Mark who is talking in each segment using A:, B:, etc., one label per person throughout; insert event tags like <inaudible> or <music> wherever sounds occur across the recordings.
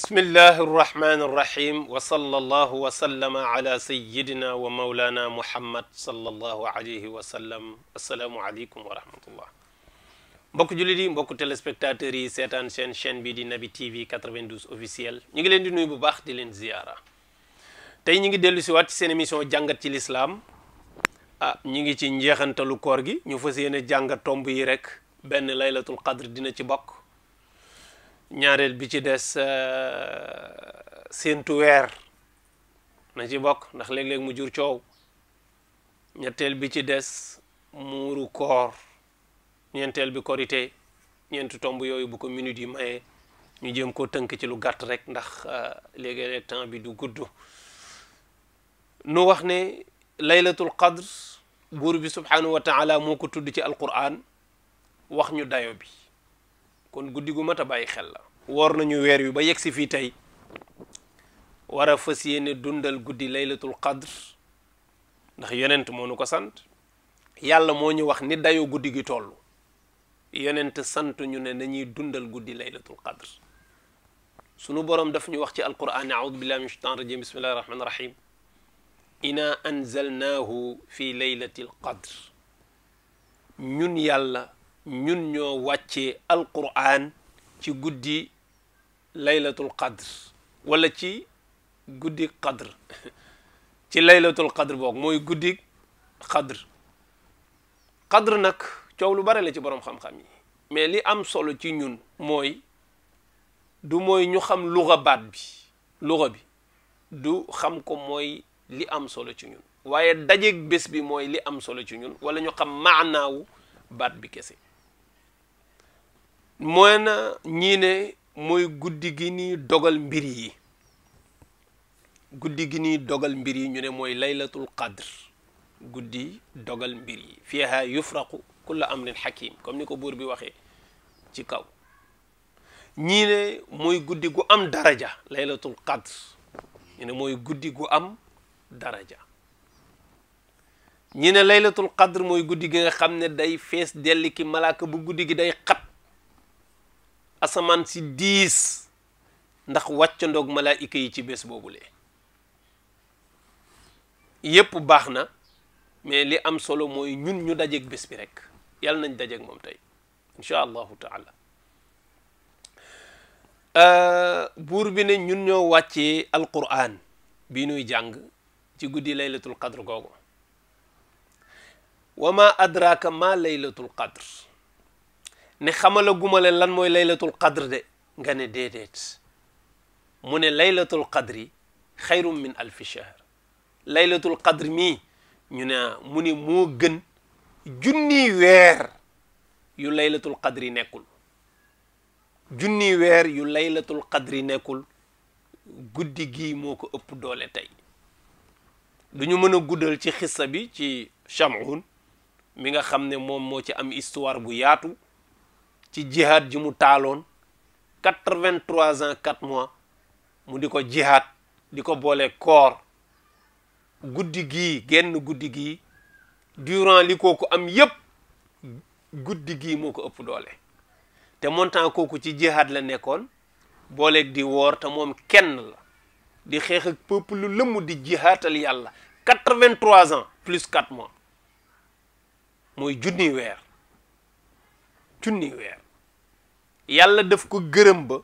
A: bismillahi irrahmani irrahim wa sallallahu wa sallama ala sayidina wa maulana muhammad sallallahu alayhi wa sallam assalaamu aleykum wa rahmatullah mbokk jullit yi mbokk téléspectateurs yi seetaan seen chaîne bi di Nabi TV 92 officiel ñu ngi leen di nuyu bu baax di leen ziyaara tey ñu ngi dellu si waat ci seen émission jàngat ci lislaam ah ñu ngi ci njeexantalu koor gi ñu fas yéene jàngat tomb yi rek benn laylatul qadr dina ci bokk ñaareel bi ci des euh, séentu weer na ci bokk ndax léeg-léeg mu jur coow ñetteel bi ci des muuru koor ñeenteel bi korité ñeenti tomb yooyu bu ko minute yi mayee ñu jéem koo tënk ci lu gàtt rek ndax euh, léegi temps bi du gudd nu wax ne laylatul qadr buur bi subhaanahu wa taala moo ko tudd ci alquran wax ñu dayo bi kon guddi gu mat a bàyyi xel la woor nañu weer wi ba yegg si fii tey war a fas yéene dundal guddi laylatul qadr ndax yonent moo nu ko sant yàlla moo ñu wax ni dayoo guddi gi toll yonent sant ñu ne nañuy dundal guddi laylatul qadr sunu boroom daf ñu wax ci alquran audu billahi min shaitan rajim bismillahi rahmani rahim ina anzalnaahu fi laylati l qadr ñun yàlla ñun ñoo wàccee alquran ci guddi laylatul qadr walla ci guddi qadr <laughs> ci laylatul qadr boog mooy guddi qadr qadr nag coow lu bare la ci boroom xam-xam yi mais li am solo ci ñun mooy du mooy ñu xam luga baat bi luga bi du xam ko mooy li am solo ci ñun waaye dajeeg bés bi mooy li am solo ci ñun wala ñu xam maanaawu baat bi kese mooy na ñii ne mooy guddi gi ni dogal mbir yi guddi gi nii dogal mbir yi ñu ne mooy laylatul qadr guddi dogal mbir yi fi fiha yufraqu kullu amrin hakim comme ni ko buur bi waxee ci kaw ñii mooy guddi gu am daraja laylatul qadr ñu ne mooy guddi gu am daraja ñi ne laylatul qadr mooy guddi gi nga xam ne day fees dell ki malaaka bu guddi gi day xat asamaan si diis ndax wàccandoog malaayika yi ci bés boobu boobule yépp baax na mais li am solo mooy ñun ñu dajeeg bés bi rek yàlla nañ dajeeg moom tey incha allahu taala euh, buur bi ne ñun ñoo wàccee alquran bi nuy jàng ci guddi laylatul qadr googu wa ma adraka ma laylatul qadr ne xamalaguma lan mooy laylatul qadr de nga ne déedéet mu ne laylatul qadri xayrum min alfi shahr laylatul qadr mii ñu ne mu ne moo gën junni weer yu laylatul qadri nekkul junni weer yu laylatul nekkul guddi gii moo ko ëpp doole tey du ñu mën a guddal ci xissa bi ci Cham'un mi nga xam ne moom moo ci am histoire bu yaatu ci jihaad ji mu taaloon quatre-vingt-trois ans quatre mois mu di ko jihaad di ko boole koor guddi gii genn guddi gii durant li kooku am yépp guddi gii moo ko ëpp doole te montant kooku ci jihaad la nekkoon booleeg di woor te moom kenn la di xeex ak peuple lu lëmm di jihaatal yàlla quatre-vingt-trois ans plus quatre mois mooy junni weer junni weer yàlla daf ko gërëm ba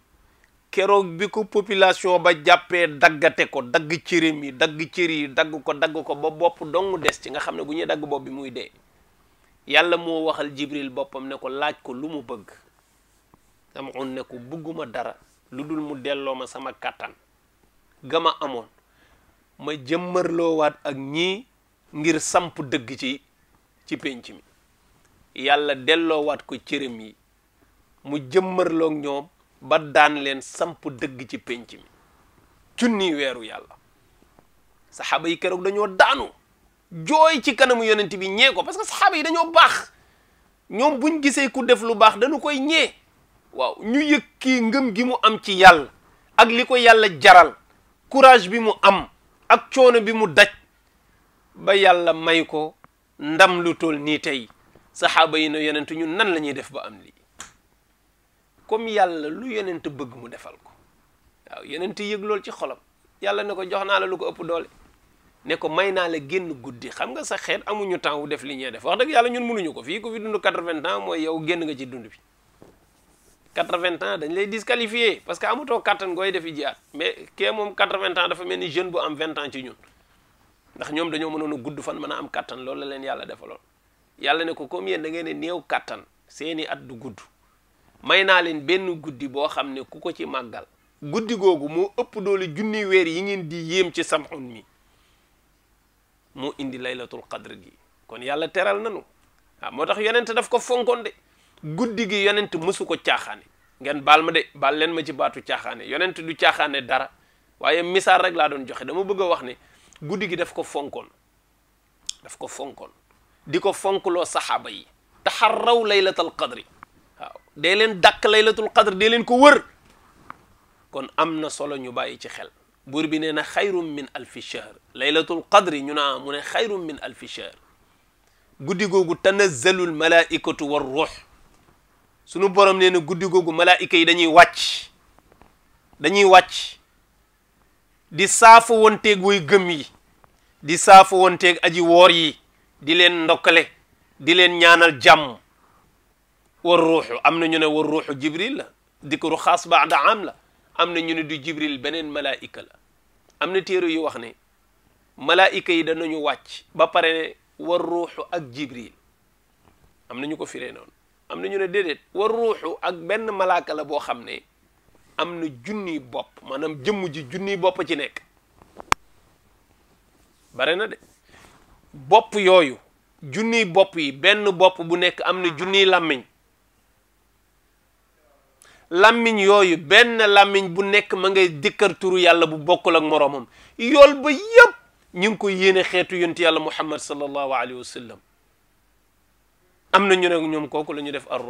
A: keroog bi ko population ba jàppee daggate ko dagg cërim yi dagg cër yi dagg ko dagg ko ba bopp dong des ci nga xam ne bu ñuy dagg bopp bi muy dee yàlla moo waxal jibril boppam ne ko laaj ko lu mu bëgg dama on ne ko bëgguma dara lu dul mu delloo ma sama kàttan gama amoon ma jëmmarloowaat ak ñii ngir samp dëgg ci ci pénc mi yàlla delloowaat ko cëram yi mu jëmmërloog ñoom ba daan leen samp dëgg ci penc mi junni weeru yàlla saxaaba yi keroog dañoo daanu jooy ci kanamu yonent bi ñee ko parce que saxaaba yi dañoo baax ñoom buñ gisee ku def lu baax dañu koy ñee waaw ñu yëg kii ngëm gi mu am ci yàlla ak li ko yàlla jaral courage bi mu am ak coono bi mu daj ba yàlla may ko ndam lu toll nii tey saxaaba yi na yonent ñun nan la ñuy def ba am lii comme yàlla lu yonent bëgg mu defal ko waaw yonent yëg loolu ci xolam yàlla ne ko jox naa la lu ko ëpp doole ne ko may naa la génn guddi xam nga sa xeet amuñu temps wu def li ñuy def wax dëgg yàlla ñun mënuñu ko fii ko fi dund quatre-vingts ans mooy yow génn nga ci dund bi quatre-vingts ans dañ lay disqualifié parce que amutoo kattan gooy def jiyaat mais kee moom quatre-vingts ans dafa mel ni jeune bu am vingt ans ci ndax ñoom dañoo mënoon a gudd fan mën a am kattan loolu la leen yàlla defaloon yàlla ne ko comme yéen da ngeen néew kàttan seeni at du gudd may naa leen benn guddi boo xam ne ku ko ci màggal guddi googu moo ëpp doole junni weer yi ngeen di yéem ci samxun mi moo indi laylatul qadr gi kon yàlla teral nanu ah, moo tax yonent daf ko fonkoon de guddi gi yonent mësu ko caaxaane ngeen baal ma de baal leen ma ci baatu caaxaane yonent du caaxaane dara waaye misaal rek laa doon joxe dama bëgg a wax ne guddi gi daf ko fonkoon daf ko fonkoon di ko fonkloo saxaaba yi taxarraw laylatul qadri waaw dee leen dàkk laylatul qadr dee leen ko wër kon am na solo ñu bàyyi ci xel buur bi nee na xayrum min alfi shahr laylatul qadri ñu naa mu ne xayrum min alfi shahr guddi googu tanazzalul malaaikatu war ruux sunu borom nee na guddi googu malaayika yi dañuy wàcc dañuy wàcc di saafa wonteeg way gëm yi di saafa wanteeg aji woor yi di leen ndokkale di leen ñaanal jàmm war ruuxu am na ñu ne war ruuxu jibril la dikru xaas baada am la am na ñu ne du jibril beneen malaayika la am na téere yu wax ne malaayika yi da danañu wàcc ba pare ne war ruuxu ak jibril am na ñu ko fire noonu am na ñu ne déedéet war ruuxu ak benn malaaka la boo xam ne am na junni bopp maanaam jëmm ji junni bopp ci nekk bare na de bopp yooyu junni bopp yi benn bopp bu nekk am na junni làmmiñ làmmiñ yooyu benn làmmiñ bu nekk ma ngay dikkar turu yàlla bu bokkul ak moroomam yool ba yépp ñu ngi ko yéene xeetu yonti yàlla muhammad sallallahu alayhi wa sallam am na ñu ne ñoom kooku la def ar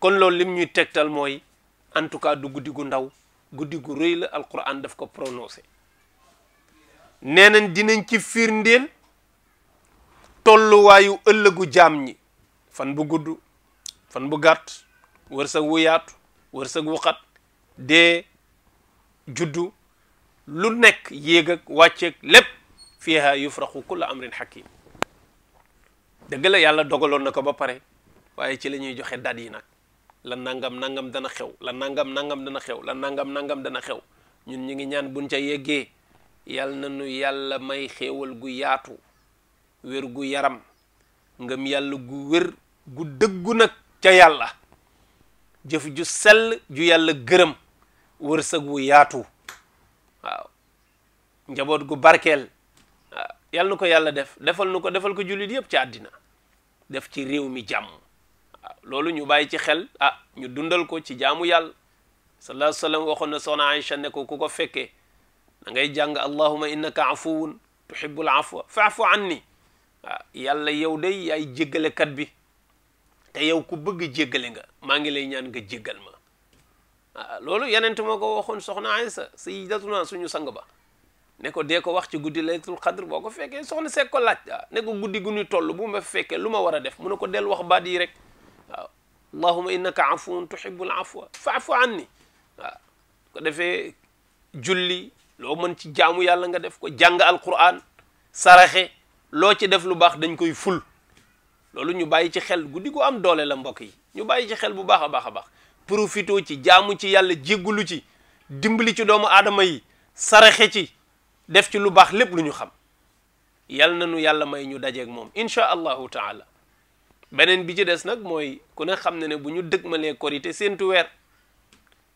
A: kon loolu lim ñuy tegtal mooy en tout cas du guddi gu ndaw guddi gu rëy la alquran daf ko prononcé nee nañ dinañ ci firndeel tolluwaayu ëllëgu jaam ñi fan bu gudd fan bu gàtt wërsëg wu yaatu wërsëg wu xat dee juddu lu nekk yéeg ak wàcceeg lépp fiha yufraqu kullu amrin hakim dëgg la yàlla dogaloon na ko ba pare waaye ci la ñuy joxe dat yi nag la nangam nangam dana xew la nangam nangam dana xew la nangam nangam dana xew ñun ñu ngi ñaan buñ ca yeggee nu yàlla may xéewal gu yaatu wir gu yaram ngëm yàlla gu wér gu dëggu nag ca yàlla jëf ju sell ju yàlla gërëm wërsëg wu yaatu njaboot gu barkeel waaw yàlla ko yàlla def defal nu ko defal ko jullit yëpp ci àddina def ci réew mi jàmm loolu ñu bàyyi ci xel ah, ñu dundal ko ci jaamu yàlla sallallahu alayhi wa sallam waxoon na soxna ne ko ku ko fekkee da ngay jàng allahuma innaka afuwun tuhibbul afwa faafu anni waaw ah, yàlla yow day yaay jéggalekat bi te yow ku bëgg jéggale nga maa ngi lay ñaan nga jéggal ma ah loolu yenent moo ko waxoon soxna Aysa sayyidatuna suñu sang ba ne ko dee ko wax ci guddi laylatul xadr boo ko fekkee soxna seeg ko laaj ah, guddi gu ñu toll bu ma fekkee lu ma war a def mu ne ko del wax baat yi rek waaw ah, allahuma innaka afuwun tuhibbul afwa faafu anni waaw ko defee julli loo mën ci jaamu yàlla nga def ko jàng alquran saraxe loo ci def lu baax dañ koy ful loolu ñu bàyyi ci xel guddi gu am doole la mbokk yi ñu bàyyi ci xel bu baax a baax a baax profito ci jaamu ci yàlla jéggulu ci dimbali ci doomu aadama yi saraxe ci def ci lu baax lépp lu ñu xam yal na nu yàlla may ñu dajeek moom incha allahu taala beneen bi ci des nag mooy ku ne xam ne ne bu ñu dëgmalee korité seentu weer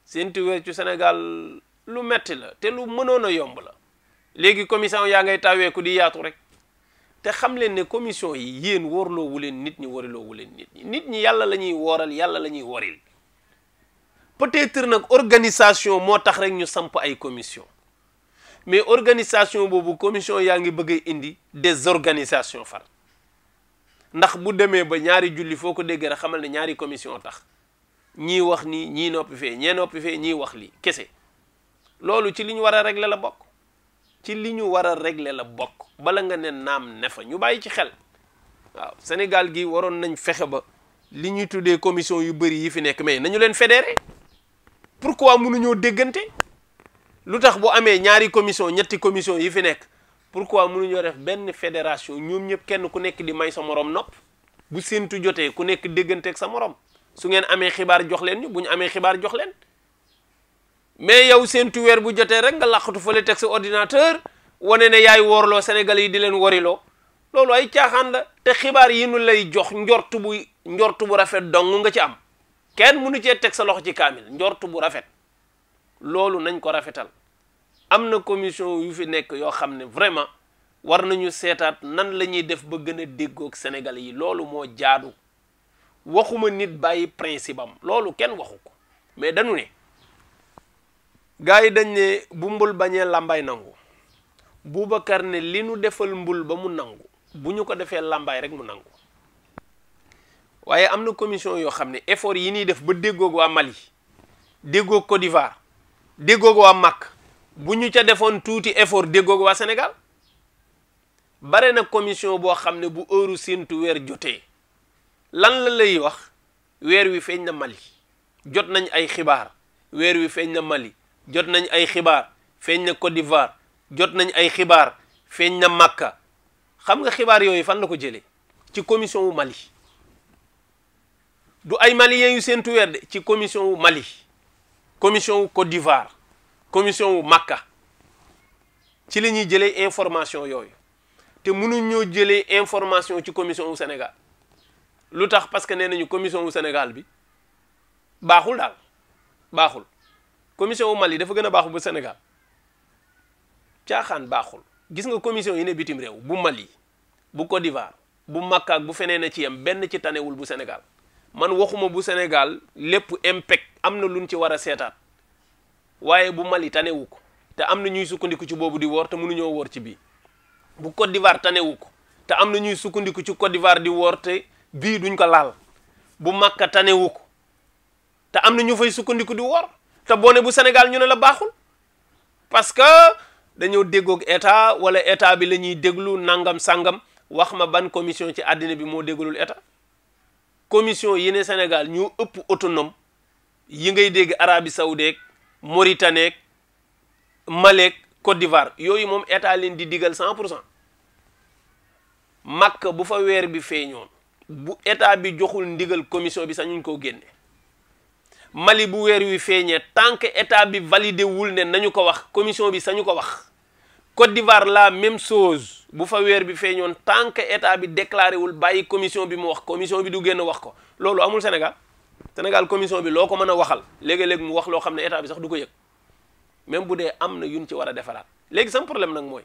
A: seentu weer ci Sénégal lu metti la te lu mënoon a yomb la léegi commission yaa ngay taweeku di yaatu rek te xam leen ne commission yi yéen wóorloowu leen nit ñi wariloowu leen nit ñi nit ñi yàlla la ñuy wooral yàlla la ñuy woril peut-être nag organisation moo tax rek ñu samp ay commission mais organisation boobu commission yaa ngi bëgg indi des désorganisation far ndax bu demee ba ñaari julli foo ko déggee rek xamal ne ñaari commission tax ñii wax nii ñii noppi fee ñee noppi fee ñii wax lii kese loolu ci li ñu war a régler la bokk ci li ñu war a régler la bokk bala nga ne naam ne fa ñu bàyyi ci xel waaw Sénégal gi waroon nañ fexe ba li ñuy tuddee commission yu bëri yi fi nekk mais nañu leen fédéré munu mënuñoo déggante lu tax bu amee ñaari commission ñetti commission yi fi nekk pour pourquoi mënuñoo def benn fédération ñoom ñëpp kenn ku nekk di may sa moroom nopp bu séentu jotee ku nekk déggante ak sa morom su ngeen amee xibaar jox leen ñu bu ñu amee xibaar jox leen mais yow seentu weer bu jotee rek nga làqatu fële teg sa ordinateur wane ne yaay woorloo sénégal yi di leen woriloo loolu ay caaxaan la te xibaar yi nu lay jox njort bu njort bu rafet dong nga ci am kenn mënu cee teg sa loxo ci kaamil njort bu rafet loolu nañ ko rafetal am na commission yu fi nekk yoo xam ne vraiment war nañu seetaat nan lañuy def ba gën a déggook Sénégalais yi loolu moo jaadu waxuma nit bàyyi principe am loolu kenn waxu ko mais dañu ne gaa yi dañ ne bu mbul bañee làmbaay nangu Boubacar ne li nu defal mbul ba mu nangu bu ñu ko defee làmbaay rek mu nangu waaye am na commission yoo xam ne effort yi ñuy def ba déggoog waa Mali déggoog Côte d'Ivoire déggoog waa Màkk bu ñu ca defoon tuuti effort déggoog waa Sénégal bare na commission boo xam ne bu heure séntu weer jotee lan la lay wax weer wi feeñ na Mali jot nañ ay xibaar weer wi feeñ na Mali jot nañ ay xibaar feeñ na Côte d'Ivoire jot nañ ay xibaar feeñ na Makka xam nga xibaar yooyu fan la ko jëlee ci commission wu Mali du ay maliens yu seentu weer de ci commission wu Mali commission wu Côte d'Ivoire commission wu Makka ci la ñuy jëlee information yooyu te mënuñ ñoo jëlee information ci commission wu Sénégal lu tax parce que nee nañu commission wu Sénégal bi baaxul daal baaxul commission wu Mali dafa gën a baaxul bu Sénégal caaxaan baaxul gis nga commission yi ne bitim réew bu Mali bu Côte d'Ivoire bu Makka ak bu feneen a ci yam benn ci tanewul bu Sénégal man waxuma bu Sénégal lépp impact am na luñ ci war a seetaat waaye bu Mali tanewu ko te am na ñuy sukkandiku ci boobu di woor te mënuñoo woor ci bii bu Côte d'Ivoire tanewu ko te am na ñuy sukkandiku ci Côte di woor te bii duñ ko laal bu Makka tanewu ko te am na ñu fay sukkandiku di woor te boo bu Sénégal ñu ne la baaxul parce que dañoo déggook état wala état bi lañuy ñuy déglu nangam sangam wax ma ban commission ci àddina bi moo déglul état commission yi ne Sénégal ñoo ëpp autonom yi ngay dégg Arabie Saoudite Mauritanie Malek Côte d'Ivoire yooyu moom état leen di diggal cent pour cent Makka bu fa weer bi feeñoon bu état bi joxul ndigal commission bi sax sañuñ ko génne Mali bu weer wi feeñee tant que état bi validé wul ne nañu ko wax commission bi sañu ko wax Côte d'Ivoire la même chose bu fa weer bi feeñoon tant que état bi déclaré wul bàyyi commission bi mu wax commission bi du génn wax ko loolu amul Sénégal Sénégal commission bi loo ko mën a waxal léegi-léegi mu wax xam ne état bi sax du ko yëg même bu dee am na yuñ ci war a defaraat léegi sam problème nag mooy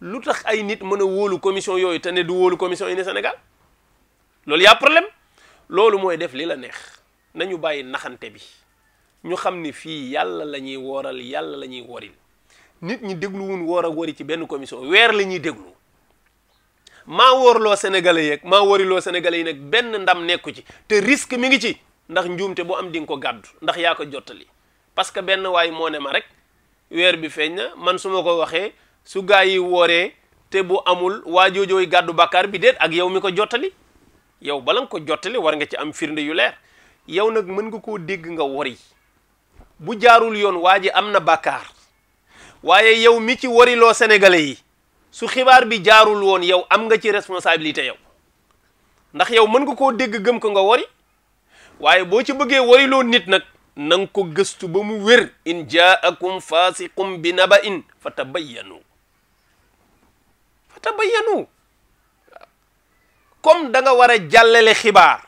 A: lu tax ay nit mën a wóolu commission yooyu te ne du wóolu commission yi ne Sénégal loolu yaa problème loolu mooy def li la neex nañu bàyyi naxante bi ñu xam ni fii yàlla la ñuy wooral yàlla la ñuy woril nit ñi dégluwun woor a wori ci benn commission weer la ñuy déglu maa woorloo sénégalais yeeg maa woriloo sénégalais yi nag benn ndam nekku ci te risque mi ngi ci ndax njuumte bu am di nga ko gàddu ndax yaa ko jottali parce que benn waay moo ne ma rek weer bi feeñ na man su ma ko waxee su gaa yi wooree te bu amul waa joojooy gàddu bàkkaar bi déet ak yow mi ko jottali yow bala nga ko jottali war nga ci am firnde yu leer yow nag mën nga koo dégg nga wori bu jaarul yoon waa ji am na bàkkaar waaye yow mi ci woriloo sénégalais yi su xibaar bi jaarul woon yow am nga ci responsabilité yow ndax yow mën nga koo dégg gëm ko nga wori waaye boo ci bëggee wariloo nit nag na nga ko gëstu ba mu wér in jaakum faasiqum bi naba in fa tabayyanu fa tabayyanu comme da nga war a jàllale xibaar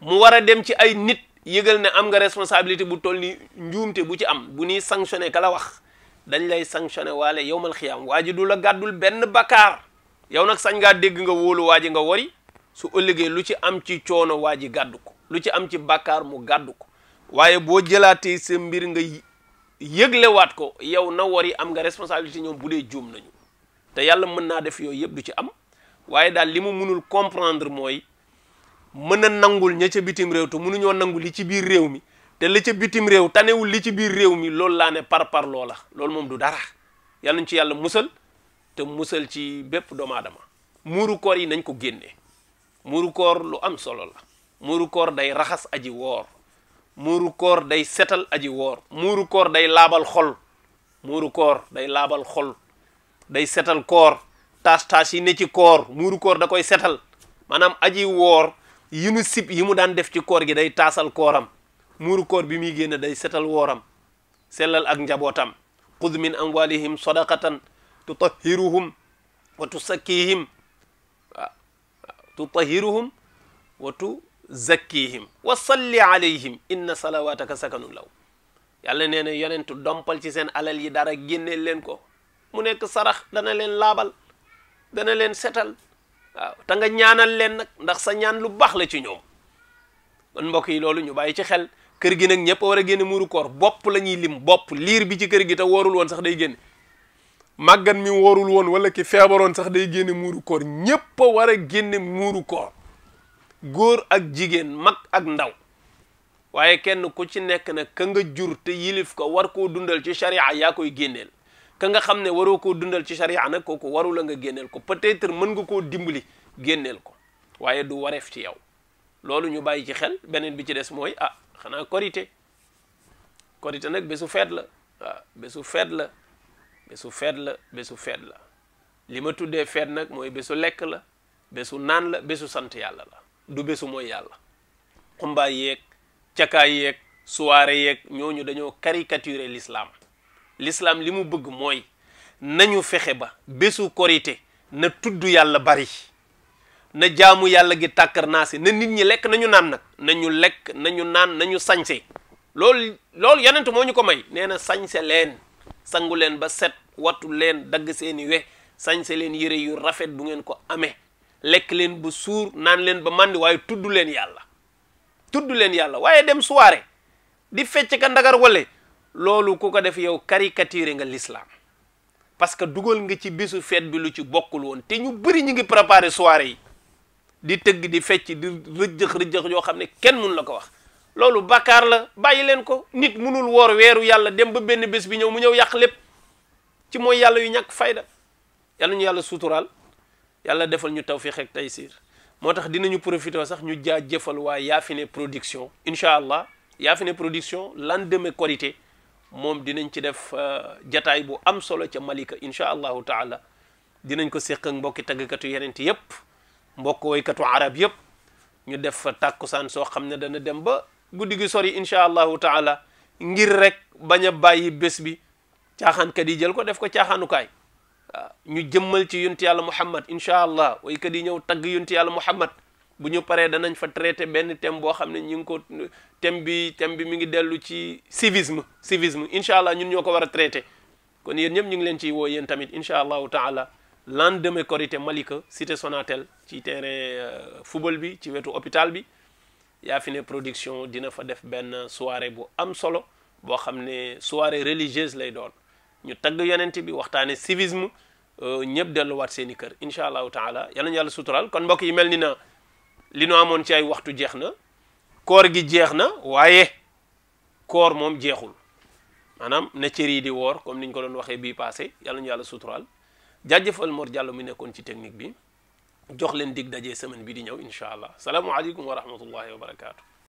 A: mu war a dem ci ay nit yëgal ne am nga responsabilité bu toll ni njuumte bu ci am bu ñuy sanctionné ka la wax dañ lay sanctionné waale yowmal xiyaam waa ji du la gàddul benn bakkaar yow nag sañ ngaa dégg nga woolu waa ji nga wari su ëllëgee lu ci am ci coono waa ji gàddu ko lu ci am ci bakkaar mu gàddu ko waaye boo jëlaatee sa mbir nga yëglewaat ko yow na wari am nga responsabilité ñoom bu dee juum nañu te yàlla mën naa def yooyu yëpp du ci am waaye daal li mu munul comprendre mooy mën a nangul ña bitim réew te mënuñoo nangu li ci biir réew mi te li ca bitim réew tanewul li ci biir réew mi loolu laa ne par par loola loolu moom du dara yal nañ ci yàlla musal te musal ci bépp doomu aadama muuru koor yi nañ ko génnee muuru koor lu am solo la muuru koor day raxas aji woor muuru koor day setal aji woor muuru koor day laabal xol muuru koor day laabal xol day setal koor taas taas yi ne ci koor muuru koor da koy setal maanaam aji woor yi sib yi mu daan def ci koor gi day taasal kooram muuru koor bi muy génn day setal wooram sellal ak njabootam xud min amwalihim sadaqatan tutahiruhum wa tusakkihim waaw tutahiruhum wa tuzakkihim wa salli alayhim inna salawataka sakanu law yàlla nee na yonentu dompal ci seen alal yi dara génneel leen ko mu nekk sarax dana leen laabal dana leen setal waaw nga ñaanal leen nag ndax sa ñaan lu baax la ci ñoom kon mbokk yi loolu ñu bàyyi ci xel kër gi nag ñëpp war a génne muuru bopp la ñuy lim bopp liir bi ci kër gi te woorul sax day génne màggat mi woorul woon wala ki feebaroon sax day génne muuru koor ñëpp a war a génne muuru koor góor ak jigéen mag ak ndaw waaye kenn ku ci nekk nag ka nga jur te yilif ko war koo dundal ci sharia yaa koy génneel ka nga xam ne waroo koo dundal ci sharia nag kooku waru la nga génneel ko peut-être mën nga koo dimbali génneel ko waaye du wareef ci yow loolu ñu bàyyi ci xel beneen bi ci des mooy ah xanaa korite korite nag bésu feet ah, la bésu feet la bésu feet la bésu feet la li ma tuddee feet nag mooy bésu lekk la bésu naan la bésu sant yàlla la du bésu mooy yàlla xumbaay yeeg cakaay yeeg soirée yeeg ñooñu dañoo caricaturer l'islam lislaam li mu bëgg mooy nañu fexe ba bésu korite na tudd yàlla bari na jaamu yàlla gi tàkkar naa si na nit ñi lekk nañu naan nag nañu lekk nañu naan nañu sañse loolu loolu yonent moo ñu ko may nee na sañse leen sangu leen ba set wattu leen dagg seeni we sañse leen yére yu rafet bu ngeen ko amee lekk leen ba suur naan leen ba màndi waaye tudd leen yàlla tudd leen yàlla waaye dem soirée di fecc ka ndagar wale loolu ku ko def yow caricature nga l'islam parce que dugal nga ci bisu feet bi lu ci bokkul woon te ñu bëri ñu ngi préparé soirée yi di tëgg di fecc di rëjjëx rëjjëx yoo xam ne kenn mun la ko wax loolu bàkkaar la bàyyi leen ko nit munul woor weeru yàlla dem ba benn bés bi ñëw mu ñëw yàq lépp ci mooy yàlla yu ñàkk fayda yàlla ñu yàlla suturaal yàlla defal ñu tawfiq ak taysiir moo tax dinañu profité sax ñu jaajëfal waa Yaafiné Production incha allah Yaafiné Production lendemain Korité moom dinañ ci def euh, jataay bu am solo ca Malika incha allahu taala dinañ ko séq ak mbokki tàggkatu yeneen yëpp mbokk woykatu arab yëpp ñu def fa saan soo xam ne dana dem ba guddi gi sori incha allahu taala ngir rek bañ a bàyyi bés bi caaxaankat yi jël ko def ko caaxaanukaay waaw ñu jëmmal ci yunti yàlla muhammad incha allah woykat yi ñëw tagg yunti yàlla muhammad bu ñu paree danañ fa traité benn thème boo xam ne ñu ngi ko thème bi thème bi mi ngi dellu ci civisme civisme incha allah ñun ñoo ko war a traité kon yéen ñëpp ñu ngi leen ciy woo yéen tamit incha allahu taala lendemain Korité Malika cité Sonatel ci terrain euh, football bi ci wetu hôpital bi Yafine Production dina fa def benn soirée bu am solo boo xam ne soirée religieuse lay doon ñu tagg yonent bi waxtaane civisme euh, ñëpp delluwaat seen i kër incha allahu taala yal nañu yàlla suturaal kon mbokk yi mel ni na li nu amoon ci ay waxtu jeex na koor gi jeex na waaye koor moom jeexul maanaam na cër yi di woor comme ñu ko doon waxee bii passé yàlla ñu yàlla suturaal jaajëfal Mor Diallo mu nekkoon ci technique bi jox leen dig dajee semaine bi di ñëw incha allah salaamualeykum wa rahmatullahi wa barakaatu.